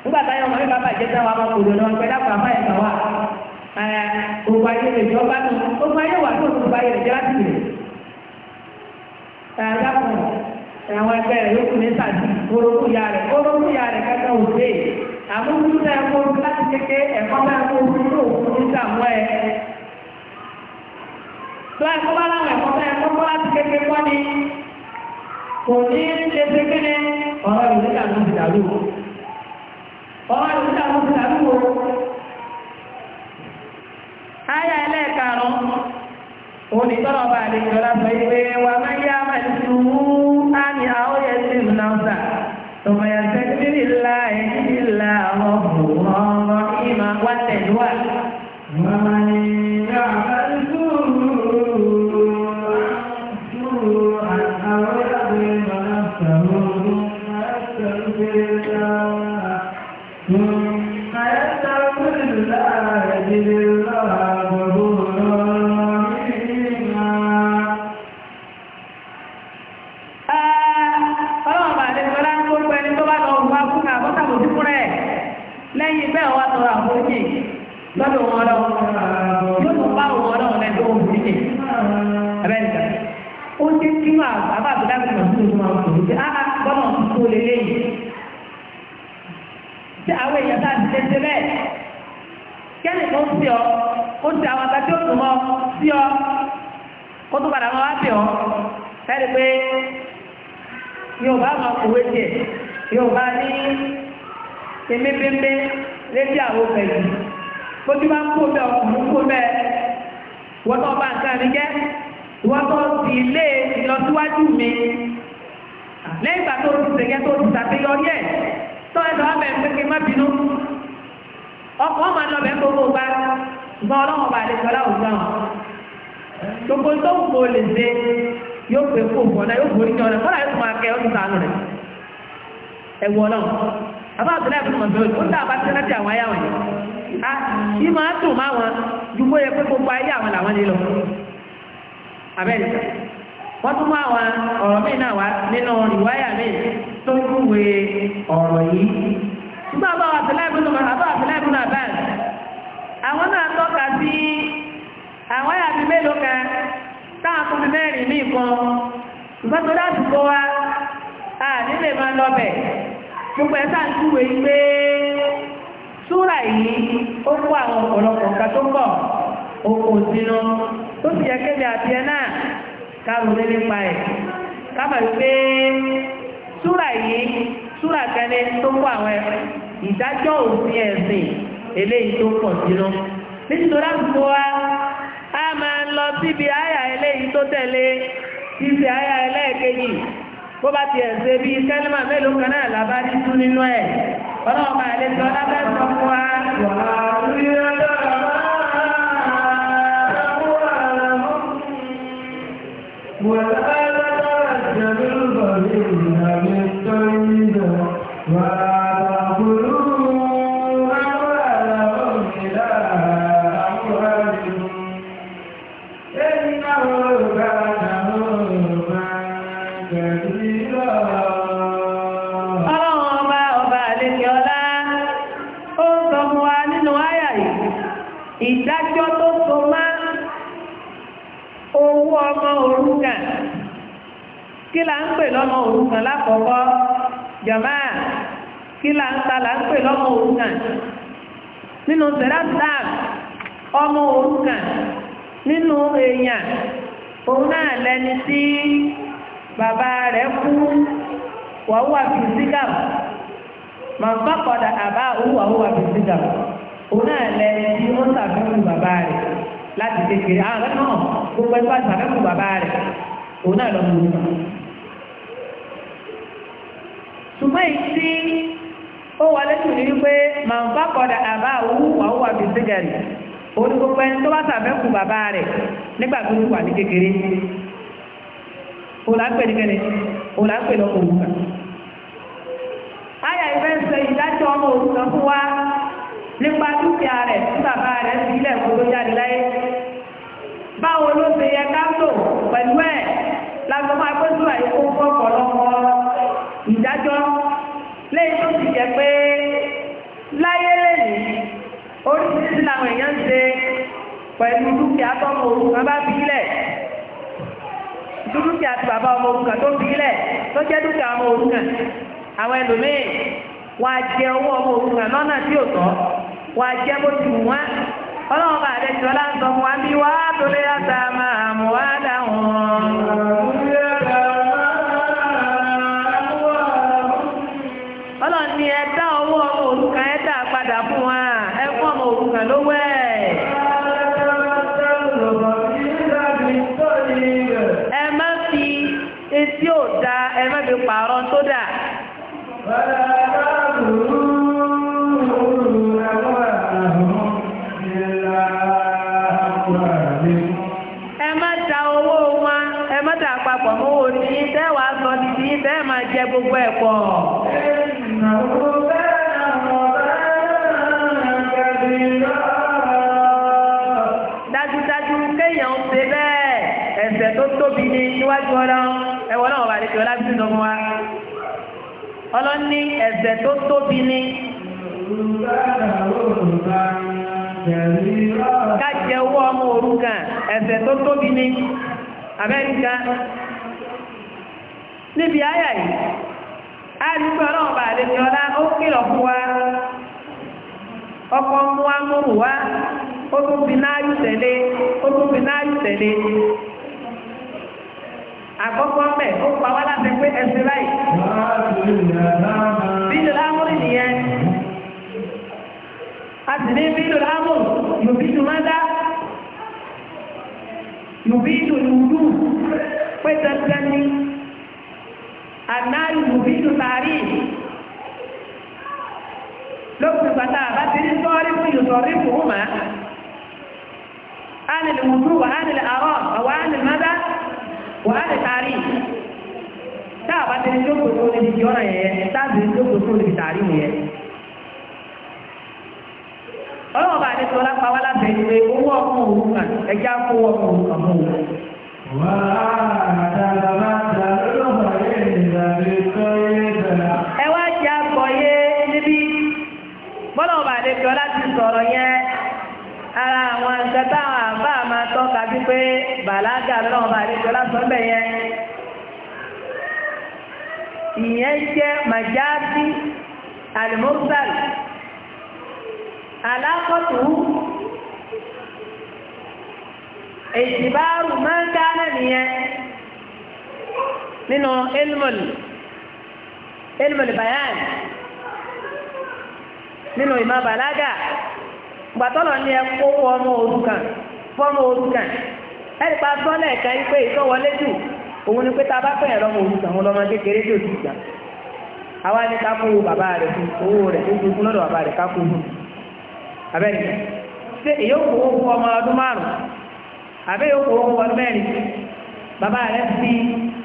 nígbà táyọ̀ ọmọ mi bàbá ìjẹta wa máa kòrò lọ pẹ̀lú àpò àbá ìgbà wa. gbogbo ayé rẹ̀ jọ bá nù gbogbo ayé wà tó gbogbo ayé rẹ̀ jẹ́ láti rẹ̀. àwọn ẹgbẹ́ rẹ̀ yóò kún ní orogún ya rẹ̀ orogún ya rẹ̀ kẹta òde àmójútó ẹ̀kọ́ láti kéke ẹ̀kọ́ bá ẹ̀kọ́ òkúrò òkúrò sàmú ẹ̀. tó ẹ̀kọ́ bá láwọn ẹ̀kọ́ bá ẹ̀kọ́ bá láti kéke kọ́ ni kò ní ṣe ṣe kéne ọ̀rọ̀ ìlú ìdàgbò ti dàrú ọ̀rọ̀ ìlú ìdàgbò ti dàrú o. ayà ẹlẹ́ẹ̀karùn-ún òní tọ́lọ̀ bá àlejò lásán ìwé máa yá máa ń Ah, pé áhà ah, bọ́nà tó lélẹ́yìn tí àwọn èèyàn tá à ń tẹ́tẹ́ bẹ́ẹ̀ kẹ́lẹ̀ kan sí ọ ó ti àwọn àgbà tí ó tún mọ sí ọ ó tún padà máa wá bẹ̀ ọ fẹ́rẹ̀ pé yóò bá máa kòwé tiẹ̀ yóò bá ní èmi pépé lébi àwọn pẹ̀lú bójú bá ń kó bẹ́ẹ̀ ọkùnrin kó bẹ́ẹ̀ wọ́n tó bá nǹkan mi wọ́n tó sì lé ìlọsíwájú mi lẹ́yìn ìgbà tó ti sèyẹ tó ti sàṣeyọrí ẹ̀ tó ẹ lọ abẹ pé kí n má bínú ọkọ̀ ọmọ ẹni ọbẹ̀ gbogbo gba ṣùgbọ́n ọlọ́wọ́n bá lè sọlá òwúrọ̀ àwọn gbogbo tó ń kó lè dé yóò pé kó òfò náà yóò borí ní ọ̀nà kọ́lá yóò tún máa kẹ́ ọdún sàánù rẹ̀ ẹ̀wọ̀ náà àbá àbúlé àbúrò mọ̀ bẹ́ẹ̀ ó ń dá àbá tí wọ́n ti àwọn ayáwọn yìí a ah, yìí máa dùn máa wọn ju yẹ pé gbogbo ayé àwọn làwọn lè lọ abẹ́rẹ́ wọ́n tún mú àwọn ọ̀rọ̀ míì nínú ìwáyà míì tó ń kúwe ọ̀rọ̀ yìí. nígbà bá wà sílẹ̀ ìbùnú àbá sílẹ̀ ìbùnú àbá àwọn náà tọ́ka sí àwọn àyàfi mélòó kan mi mẹ́rin míì kan ṣùgbọ́n tó wa a nílé máa lọ bẹ̀ gbogbo ẹ̀ sáà ń kúwe pé súrà yìí ó kó àwọn ọ̀pọ̀lọpọ̀ kárùn lé nípa ẹ̀ kábà pé súrà yìí súrà kẹni tó kó àwọn ìdájọ́ òfin ẹ̀sìn eléyìí tó pọ̀ sínú nítorí àgbò wa a máa ń lọ síbi àyà eléyìí tó tẹ̀lé síbi àyà ẹlẹ́ẹ̀kejì bó bá ti ẹ̀sẹ̀ bí kẹ́lẹ́mà mélòó kan náà làbá ní nínú ẹ̀ ọlọ́run. ولا lọ́mọ òrukàn lákọ̀ọ́kọ́ jàmá kí là ń ta là ń pè lọ́mọ nínú sẹ́dáàtàn ọmọ òrukàn nínú èèyàn òun náà lẹni tí bàbá rẹ̀ kú wàhùwà fìsígàm màkàkọ̀dà àbá wàhùwà fìsígàm òun náà lẹni tí ó sàfihàn bàbá rẹ̀ láti kékeré àwọn akẹ́kọ̀ọ́ gbogbo ẹgbẹ́ bàbá rẹ̀ òun náà lọ́mọ ṣùgbọ́n ìtí ó wà lẹ́tù ní wípé màá bá kọ́dà àbá òwú wà ó wà bí sígẹ̀rì tó bá bàbá rẹ̀ nígbà tó wà ní kékeré òlàpẹ̀ nìkẹ́ni ka lọ́kọ̀ Ayà ìfẹ́ sọ ìdájọ́ ọmọ fún wa nípa dúkìá rẹ̀ tí bàbá rẹ̀ fi ilẹ̀ kó tó jáde láyé. Báwo ló ṣe yẹ ká lò pẹ̀lú ẹ̀ máa gbé ìdájọ́ ó sì jẹ́ pé láyé lẹ́yìn oríṣiríṣi làwọn èèyàn ń ṣe pẹ̀lú dúkìá tọ́mọ òrukàn bá fi dúkìá ti bàbá ọmọ òrukàn tó fi tó jẹ́ dúkìá ọmọ òrukàn àwọn ẹlòmíì wọ́n á jẹ owó ọmọ òrukàn lọ́nà tí ò tọ́ wọ́n á jẹ bó ti wọ́n ọlọ́run bá àdẹ́jọ́ láǹtọ́ wọn bí wàá tó lé níwájú ọlọ́run ẹ̀wọ̀n náà wà lẹ́kẹ̀ọ́ láti sọ fún wa ọlọ́ni ẹ̀ṣẹ̀ tó tóbi ni kájẹ owó ọmọ òrukàn ẹ̀ṣẹ̀ tó tóbi ni Amẹ́ríkà níbi ayà yìí a rí pé ọlọ́run bà lẹ́kẹ̀ọ́ lá ó kìlọ̀ fún wa ọkọ̀ mú amúrù wa ó tún fi náà yù tẹ̀lé ó tún fi náà yù tẹ̀lé àkọ́kọ́ mẹ́ ó pa wá láti pé ẹsẹ̀ láì. bílò lámúrì nìyẹn a sì ní bílò lámúrì yòbí tó máa dá yòbí tó lùdú pé dandan ni ànáyù yòbí tó tààrí lókùn bàtà àbátí ní sọ́ọ́rí fún àwọn ánìlè mádá wàhálà tààrí táàbá tẹ́lẹ̀ jókòó tó níbi tí ọ̀nà yẹn táàbí jókòó tó níbi tààrí yẹn ọlọ́wọ́ bá ní sọlá pa wá lábẹ́ ní pé owó ọmọ òun kan ẹjẹ́ á kó ọmọ òun kan mọ́ òun. jẹ́ àgbọ̀yé níbi bọ́lọ̀ bá ní sọlá ti sọ̀rọ̀ yẹn ara àwọn nǹkan táwọn àbá máa tọ́ka sí pé bàlágà náà bá àlejò lásán bẹ̀ yẹn ìyẹn jẹ́ màjáàbí alimọ́sàl alákọ̀tù ìdìbàrù máa ń dáná nìyẹn nínú ilmọ̀lì ilmọ̀lì bayan nínú ìmọ̀ bàlágà. gbàtọ́lọ̀ ní ẹkọ́ fọ́nà orúkàn fọ́nà orúkàn ẹ̀rì pa sọ́lẹ̀ ẹ̀ka ipé ìtọ́wọlé jù òun ni pé ta bá lọ́mọ kékeré jù ìgbà ni ká bàbá rẹ̀ fún owó rẹ̀ tó gbogbo lọ́dọ̀ bàbá rẹ̀ ká kó abẹ́rẹ́ ìyókù owó fún ọmọ ọdún márùn àbẹ́ ìyókù owó fún ọdún mẹ́rin bàbá rẹ̀ fi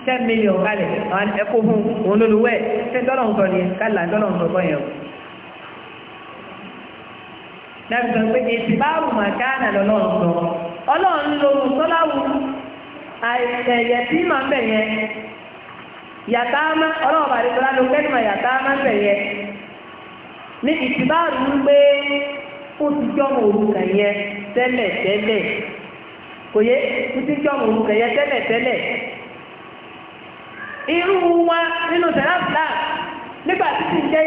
ten million kalẹ̀ fún òun ni kálà na sọ pé èsì báàrù màkánà lọ́lọ́run sọ ọlọ́run lo sọ́láwù ẹ̀yẹ tí màá bẹ̀ yàtá má ọlọ́run bàdé sọ́lá ló kẹ́ni yàtá má ní ń gbé ti tẹ́lẹ̀ tẹ́lẹ̀ kò yẹ ti tẹ́lẹ̀ tẹ́lẹ̀ irú wa nínú nígbà tí ti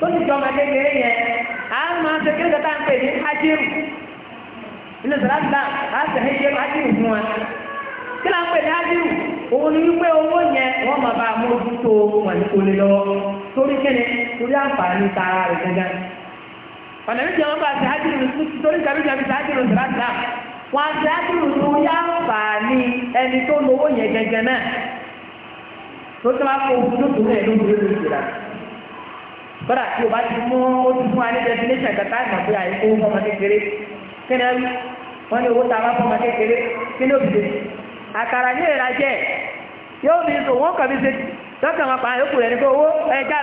tó ti jọ ọmọdé kéé yẹn a máa ṣe kí ló dáa ń pè ní ajiru nínú sàlámìlá a ṣe ní jẹun ajiru fún wa kí ló ń pè ní òun ni wípé owó máa bá wọn ní kólé torí kíni torí àǹfààní gángan ọ̀nà wọn bá ṣe torí ṣe kọ́dà tí o bá ti mú o fún alẹ́ destination kàtà ìmọ̀ pé àyè owó fọmọ kékeré kíni ẹrú wọn ní owó tá bá fọmọ kékeré kíni òbíde àkàrà ní yóò sọ wọn kàn wọn ní owó ẹja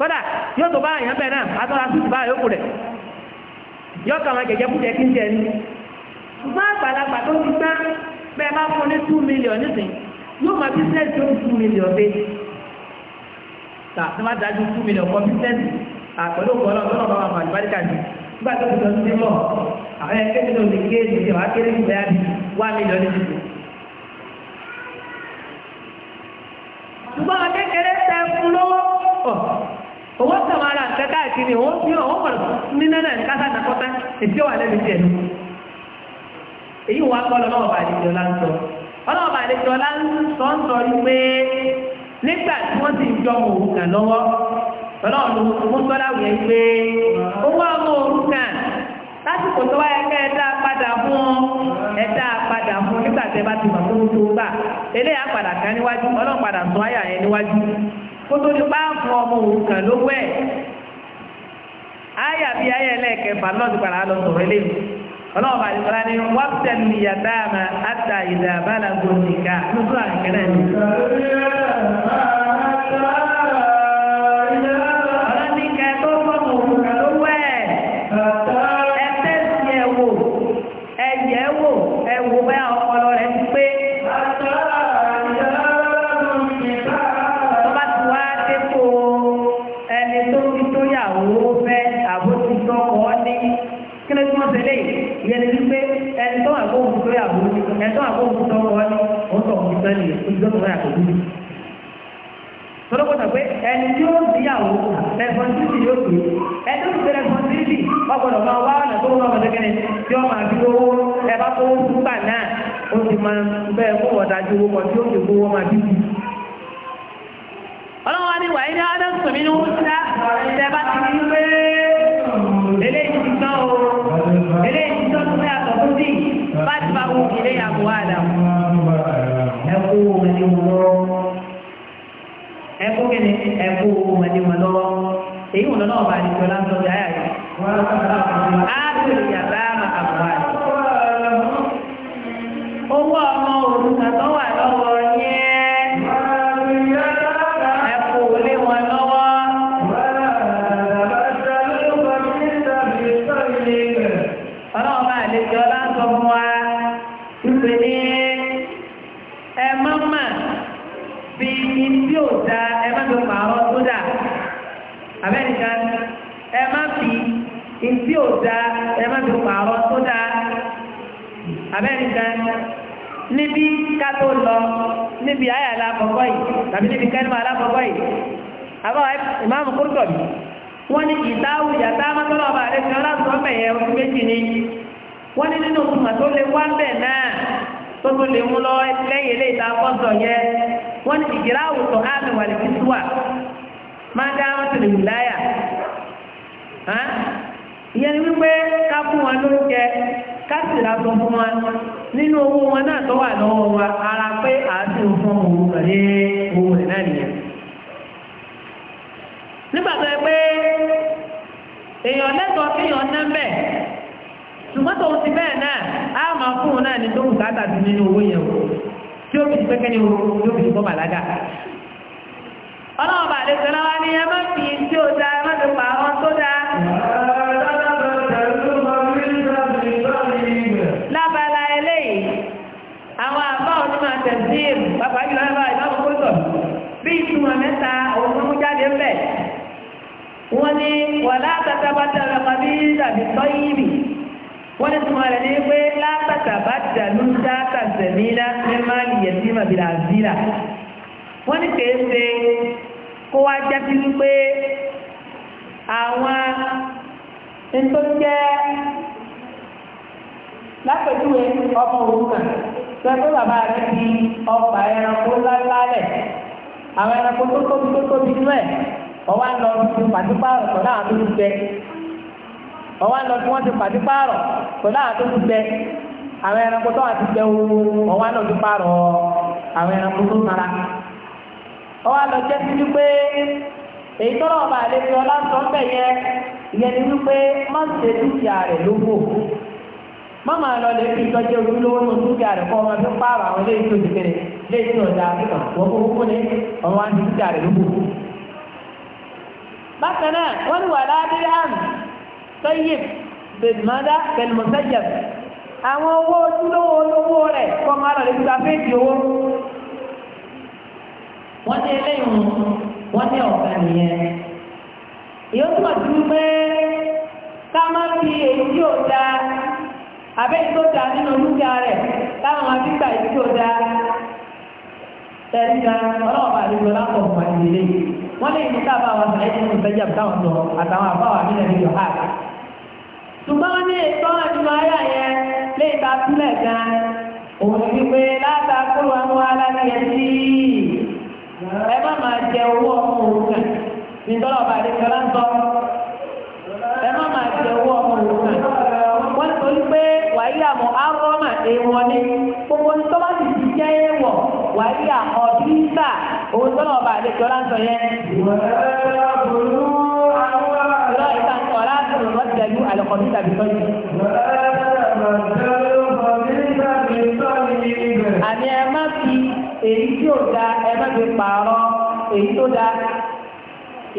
kọ́dà yóò tó bá àyàn bẹ́ẹ̀ náà bá yóò wọn gẹ̀gẹ́ kí n jẹ ní. ṣùgbọ́n àgbàlagbà tó ti gbá bẹ́ẹ̀ bá tàbí má dájú two million for business àpẹẹrẹ òkú ọlọ́run lọ́nà bàbá àbáríkà ni nígbà tó ti lọ sí mọ́ àwọn ẹgbẹ́ mi ló lè gé èdè ìjọba kéré ìgbà yá bí one million ní ìdìbò. ṣùgbọ́n kékeré tẹ fún lọ́wọ́ owó sọ̀rọ̀ ara nǹkan káàkiri òun fi hàn wọ́n pọ̀ nínú náà ní kásá nàkọ́tà èdè wà lẹ́nu tiẹ̀ nù. èyí wà kọ́ lọ́wọ́ bàdìjọ́ nígbà tí wọ́n sì ń jọ ọmọ òrukàn lọ́wọ́ ọlọ́run mo sọ́dá wẹ̀ pé owó ọmọ òrukàn lásìkò tó wáyé kẹ́ ẹ̀dá padà fún ẹ̀dá padà fún nígbà tẹ́ bá ti mọ̀ tó tó gbà eléyà padà kan níwájú ọlọ́run padà sọ àyà yẹn níwájú kó tó ní páàpù ọmọ òrukàn lówó ẹ̀ àyà bíi àyà ẹlẹ́ẹ̀kẹfà lọ́ọ̀dù padà lọ sọ̀rọ̀ eléyìí ọlọ́ọ̀bà ìgbàlá ni wọ́n tẹ̀lé yàtàmà àtà ìdàbàlà gòkìkà lóṣù àkẹ́rẹ́ mi. ìjọba wọn yàtọ̀ sí. tọ́lọ́pọ̀tà pé ẹni tí ó díyàwó rẹ̀fọ̀nsìtì yóò pè é ẹni tó ti rẹ̀fọ̀nsìtì wọ́n gbọ́dọ̀ máa wá ọ̀nà tó wọ́n máa tẹ́kẹ́rẹ́ tí wọ́n máa fi owó ẹ bá kó gbà náà ó ti máa bẹ́ẹ̀ kó wọ́n dájú owó kan tí ó fi owó máa bí bí. ọlọ́wọ́n ni wàá ní ọdún sùnmí ní wọ́n ti dá ṣẹ́ bá ti rí pé eléyìí ti tán o eléyìí ti tán tó fẹ́ àtọ̀ sí bá ti bá wù kí ilé yàgò wà dàmú ẹkú wọn ní wọn lọ́wọ́ ẹkú kí ni ẹkú wọn ní wọn lọ́wọ́ èyí wọn lọ́wọ́ bá àdìsọ́ láńtọ́ bí ayà wọ́n á tó ìyàbá àmà àbúwá abẹ́rìnkan níbi kátó lọ níbi ayé alákọ̀ọ́kọ́ yìí tàbí níbi kẹ́lìmọ̀ alákọ̀ọ́kọ́ yìí àbọ̀ ìmáàmù kúrúkọ̀ bí wọ́n ní ìdáwù yàtá mọ́tọ́lọ́ ọba rẹ̀ fi ọlá sọ bẹ̀yẹ oṣù méjì ni wọ́n ní nínú òkùnmà tó lè wá bẹ̀ náà tó tó lè mú lọ lẹ́yìn ilé ìta fọ́sọ̀ yẹ wọ́n ní ìgbìrá àwùsọ̀ ámì wà lè fi túwà máa dá wọn tìlè wù láyà ìyẹn ni wípé ká fún wọn lóúnjẹ kásìlá sọ fún wa nínú owó wọn náà ara pé àádùn fún òun pẹ̀lú owó rẹ̀ náà nìyẹn nígbà tó yẹ pé èèyàn lẹ́tọ̀ọ́ fi yàn ná mbẹ́ ṣùgbọ́n tòun ti bẹ́ẹ̀ náà á máa fún un náà ní tó bùkátà sí nínú owó yẹn o tí ó fi ti pẹ́kẹ́ ní o tí ó fi ti bọ́ bàlágà ọlọ́run tẹ̀síìm bàbá yìí lọ́wọ́ bá ìbámu kóńtọ̀ bí ìtumọ̀ mẹ́ta àwọn tó mú jáde ń bẹ̀. wọ́n ní wàlá àtàtàbàtà ọ̀rọ̀ bí tàbí tọ́yìnbì wọ́n ní tuma rẹ̀ ní pé látàtàbàtà ló ń dá tàzẹ̀mílá ní máa lè yẹtí màbìlà àzílà. wọ́n ní kèé ṣe kó wá jáde wípé àwọn nítorí jẹ́ lápẹ̀júwe ọmọ òun náà sẹ́gbẹ́ bàbá rẹ̀ fi ọgbà ẹranko àwọn ẹranko tó tóbi tó tóbi ẹ̀ ọwọ́ ti pàtípààrọ̀ pẹ̀lú àwọn tó ti gbẹ ọwọ́ àlọ́ tí wọ́n ti pàtípààrọ̀ pẹ̀lú àwọn tó ti gbẹ àwọn ẹranko tó wà ti gbẹ ooru ọwọ́ àwọn ẹranko tó nara ọwọ́ jẹ́ sí wípé ọba mọ́mọ́ lọ lè fi ìtọ́jú ojúlówó tó dúkìá rẹ̀ kọ́ ọmọ tó pààrọ̀ àwọn ilé ìtòjú kẹrẹ ilé ìtòjú ọ̀dà àfíkà wọ́n kó kókó ní ọmọ wa ní dúkìá rẹ̀ lóko. bákan náà wọ́n ní wàhálà adéyé àmì sẹ́yìn bèèmọ́dá pẹ̀lúmọ́sẹ́jẹ̀ àwọn owó ojúlówó olówó rẹ̀ kọ́ máa lọ lè fi àfẹ́ẹ̀tì owó. wọ́n ní eléyìí wọ́n ní ọ̀gá nìyẹn ìyókù àbẹ́yìn tó dáa nínú dúkìá rẹ̀ táwọn máa fi gbà yìí tó dáa tẹ̀síra ọlọ́ọ̀bà àdúgbò lápọ̀ fún àdìlé wọ́n lè ní sábà wọn sàlẹ̀ tí wọ́n fẹ́jà táwọn lọ àtàwọn àbáwà nílẹ̀ nílò ha ṣùgbọ́n wọ́n ní ètò àdúgbò ayé yẹn lè ta sílẹ̀ gan òun ní wípé látàkùrù àwọn alágbèrè sí ẹ má máa jẹ owó ọmọ òun kan nítorí ọba èèwọ̀ ni gbogbo ní tọ́ba sì ti jẹ́ èèwọ̀ wà á rí àwọn bírísà òun tó náà bá àlejò láǹtọ̀ yẹn. ìrọ̀ ìtàkùn ọ̀rá àtúrò náà ti dẹ̀lú àlọ́kọ̀ níta bí tọ́jú. àmì ẹ má fi èyí tí ò da ẹ má fi pààrọ̀ èyí tó da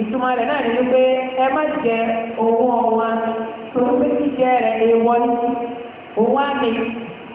ìtumọ̀ rẹ̀ náà ni wípé ẹ má jẹ owó ọ̀wọ́n tó ń jíjẹ rẹ̀ èèwọ̀ ni òun á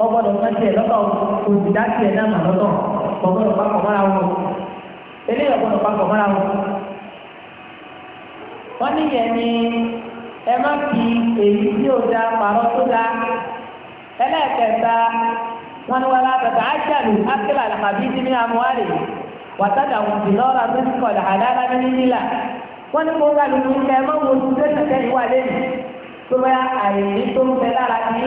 ọgbọ́dọ̀ mọ́tì ẹ̀ lọ́tọ̀ olùdásí ẹ̀ náà mà lọ́tọ̀ ọgbọ́dọ̀ papọ̀ mọ́ra wọn eléyìí ọgbọ́dọ̀ papọ̀ mọ́ra wọn. wọ́n níyẹn ni ẹ má fi èyí tí ó da pàrọ̀ tó da ẹlẹ́ẹ̀kẹta wọn ni wọn bá tẹ̀sán ájàlù ákílà làkàbí sí ní amúhárì wàtàdà wọn ti lọ́ra tó ti kọ̀dà àdára ní nílà wọn ni kó kálukú kẹ́ ẹ má wo tó tẹ̀sán kẹ́ lẹ́yìn tó bá àyè tó ń bẹ lára ní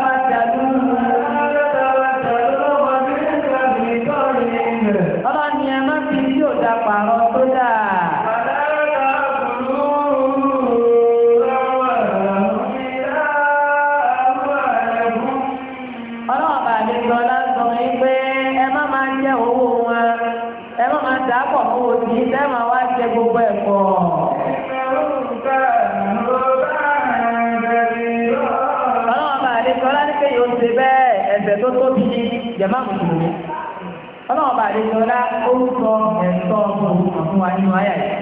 àdéjọ́lá ó ń sọ ẹ̀tọ́ ọmọ òun fún wa nínú ayà yìí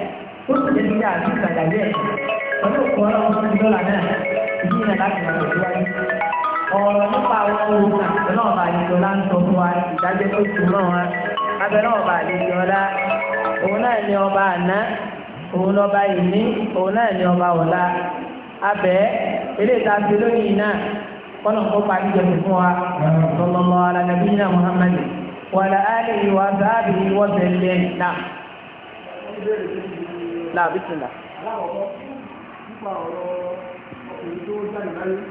ó sì lè fi àbí ìgbàgbé ẹ̀ pẹ̀lú òkú ọlọ́run tó ti dọ́là náà ìdí ìrìn láti rà lọ́síwájú ọ̀rọ̀ nípa àwọn ohun àtẹnáàbà àdéjọ́lá ń sọ fún wa ìdájọ́ tó ti mọ́ wa abẹ́náàbà àdéjọ́lá òun náà ni ọba àná òun lọ́ba ìní òun náà ni ọba ọ̀la abẹ́ eléyìí tá a fi lónìí náà kọ́nà kó pa níjọ́ fún wa sọlọ́mọ alanabi náà Muhammadu وعلى آله وأصحابه وسلم نعم نعم بسم الله